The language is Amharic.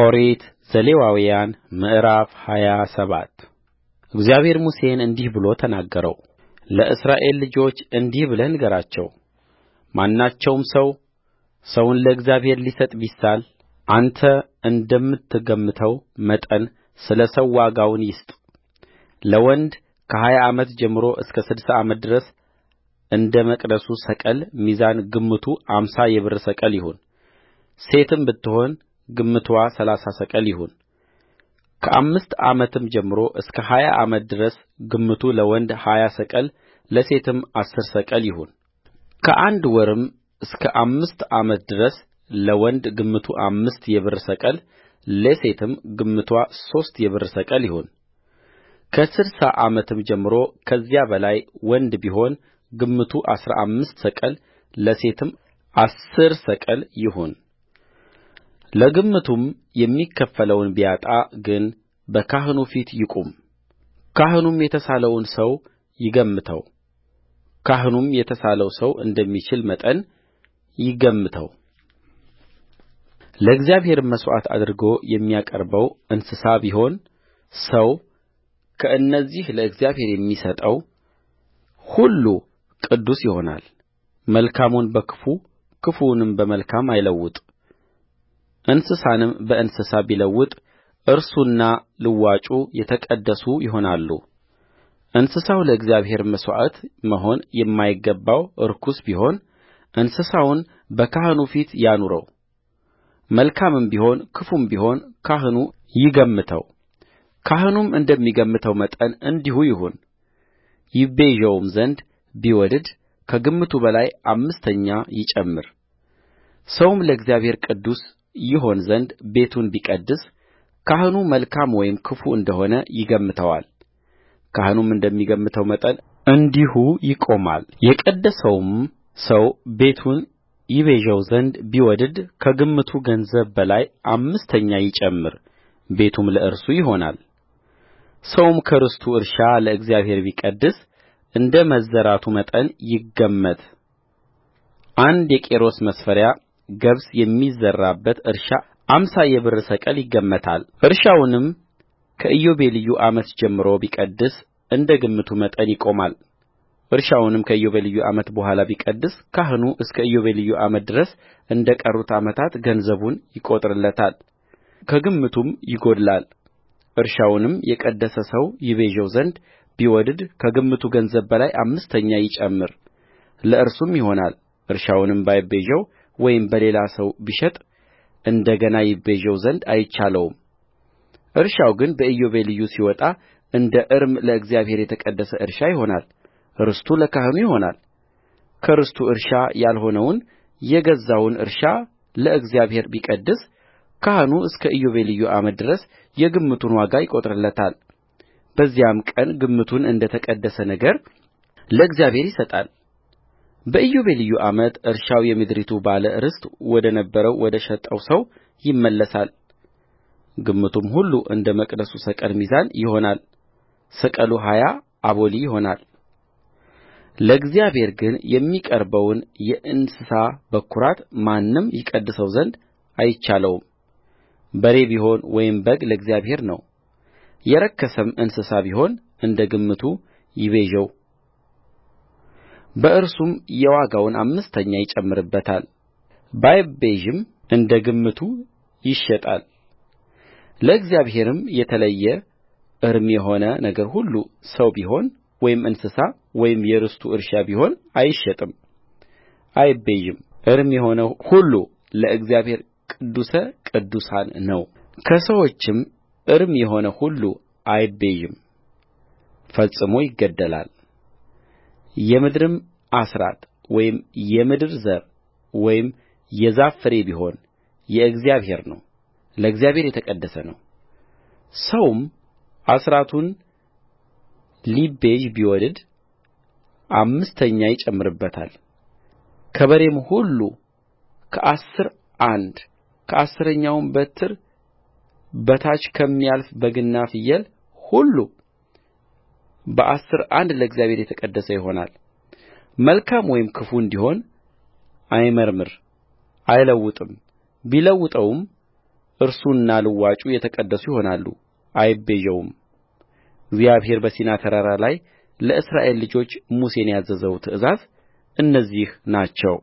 ኦሪት ዘሌዋውያን ምዕራፍ ሃያ ሰባት እግዚአብሔር ሙሴን እንዲህ ብሎ ተናገረውለእስራኤል ልጆች እንዲህ ብለህ ንገራቸው ማናቸውም ሰው ሰውን ለእግዚአብሔር ሊሰጥ ቢሳል አንተ እንደምትገምተው መጠን ስለ ሰው ዋጋውን ይስጥ ለወንድ ከሀያ ዓመት ጀምሮ እስከ ስድሳ ዓመት ድረስ እንደ መቅደሱ ሰቅል ሚዛን ግምቱ አምሳ የብር ሰቅል ይሁን ሴትም ብትሆን ግምትዋ ሠላሳ ሰቅል ይሁንከአምስት ዓመትም ጀምሮ እስከ ሀያ ዓመት ድረስ ግምቱ ለወንድ ሀያ ሰቅል ለሴትም አሥር ሰቅል ይሁንከአንድ ወርም እስከ አምስት ዓመት ድረስ ለወንድ ግምቱ አምስት የብር ሰቅል ለሴትም ግምቷ ሦስት የብር ሰቅል ይሁንከስድሳ ዓመትም ጀምሮ ከዚያ በላይ ወንድ ቢሆን ግምቱ አሥራ አምስት ሰቅል ለሴትም አሥር ሰቅል ይሁን ለግምቱም የሚከፈለውን ቢያጣ ግን በካህኑ ፊት ይቁም ካህኑም የተሳለውን ሰው ይገምተው ካህኑም የተሳለው ሰው እንደሚችል መጠን ይገምተው ለእግዚአብሔርም መሥዋዕት አድርጎ የሚያቀርበው እንስሳ ቢሆን ሰው ከእነዚህ ለእግዚአብሔር የሚሰጠው ሁሉ ቅዱስ ይሆናል መልካሙን በክፉ ክፉውንም በመልካም አይለውጥ እንስሳንም በእንስሳ ቢለውጥ እርሱና ልዋጩ የተቀደሱ ይሆናሉእንስሳው ለእግዚአብሔር መሥዋዕት መሆን የማይገባው ርኩስ ቢሆን እንስሳውን በካህኑ ፊት ያኑረው መልካምም ቢሆን ክፉም ቢሆን ካህኑ ይገምተው ካህኑም እንደሚገምተው መጠን እንዲሁ ይሁን ይቤዠውም ዘንድ ቢወድድ ከግምቱ በላይ አምስተኛ ይጨምር ሰውም ለእግዚአብሔር ቅዱስ ይሆን ዘንድ ቤቱን ቢቀድስ ካህኑ መልካም ወይም ክፉ እንደ ሆነ ይገምተዋል ካህኑም እንደሚገምተው መጠን እንዲሁ ይቆማል የቀደሰውም ሰው ቤቱን ይቤዠው ዘንድ ቢወድድ ከግምቱ ገንዘብ በላይ አምስተኛ ይጨምር ቤቱም ለእርሱ ይሆናል። ሰውም ከርስቱ እርሻ ለእግዚአብሔር ቢቀድስ እንደ መዘራቱ መጠን ይገመት አንድ የቆሮስ መስፈሪያ ገብስ የሚዘራበት እርሻ አምሳ የብር ሰቅል ይገመታልእርሻውንም ከኢዮቤልዩ ዓመት ጀምሮ ቢቀድስ እንደ ግምቱ መጠን ይቆማል እርሻውንም ከኢዮቤልዩ ዓመት በኋላ ቢቀድስ ካህኑ እስከ ኢዮቤልዩ ዓመት ድረስ እንደ ቀሩት ዓመታት ገንዘቡን ይቈጥርለታል ከግምቱም ይጐድላል እርሻውንም የቀደሰ ሰው ይቤዠው ዘንድ ቢወድድ ከግምቱ ገንዘብ በላይ አምስተኛ ይጨምር ለእርሱም ይሆናል እርሻውንም ባይቤዠው ወይም በሌላ ሰው ቢሸጥ እንደ ገና ይቤዠው ዘንድ እርሻው ግን በኢዮቤልዩ ሲወጣ እንደ እርም ለእግዚአብሔር የተቀደሰ እርሻ ይሆናል ርስቱ ለካህኑ ይሆናል ከርስቱ እርሻ ያልሆነውን የገዛውን እርሻ ለእግዚአብሔር ቢቀድስ ካህኑ እስከ ኢዮቤልዩ ዓመት ድረስ የግምቱን ዋጋ ይቈጥርለታል በዚያም ቀን ግምቱን እንደ ተቀደሰ ነገር ለእግዚአብሔር ይሰጣል በኢዮቤልዩ ዓመት እርሻው የምድሪቱ ባለ ርስት ወደ ነበረው ወደ ሸጠው ሰው ይመለሳል ግምቱም ሁሉ እንደ መቅደሱ ሰቅል ሚዛን ይሆናል ሰቅሉ ሀያ አቦሊ ይሆናልለእግዚአብሔር ግን የሚቀርበውን የእንስሳ በኵራት ማንም ይቀድሰው ዘንድ አይቻለውም በሬ ቢሆን ወይም በግ ለእግዚአብሔር ነው የረከሰም እንስሳ ቢሆን እንደ ግምቱ ይቤዠው በእርሱም የዋጋውን አምስተኛ ይጨምርበታል ባይቤዥም እንደ ግምቱ ይሸጣል ለእግዚአብሔርም የተለየ እርም የሆነ ነገር ሁሉ ሰው ቢሆን ወይም እንስሳ ወይም የርስቱ እርሻ ቢሆን አይሸጥም አይቤዥም እርም የሆነ ሁሉ ለእግዚአብሔር ቅዱስ ቅዱሳን ነውከሰዎችም እርም የሆነ ሁሉ አይቤዥም ፈጽሞ ይገደላል የምድርም አሥራት ወይም የምድር ዘር ወይም የዛፍ ፍሬ ቢሆን የእግዚአብሔር ነው ለእግዚአብሔር የተቀደሰ ነውሰውም አሥራቱን ሊቤዥ ቢወድድ አምስተኛ ይጨምርበታል ከበሬም ሁሉ ከአሥር አንድ ከአሥረኛውም በትር በታች ከሚያልፍ በግና ፍየል ሁሉ በአሥር አንድ ለእግዚአብሔር የተቀደሰ ይሆናል መልካም ወይም ክፉ እንዲሆን አይመርምር አይለውጥም ቢለውጠውም እርሱና ልዋጩ የተቀደሱ ይሆናሉ አይቤዠውም እግዚአብሔር በሲና ተራራ ላይ ለእስራኤል ልጆች ሙሴን ያዘዘው ትእዛዛት እነዚህ ናቸው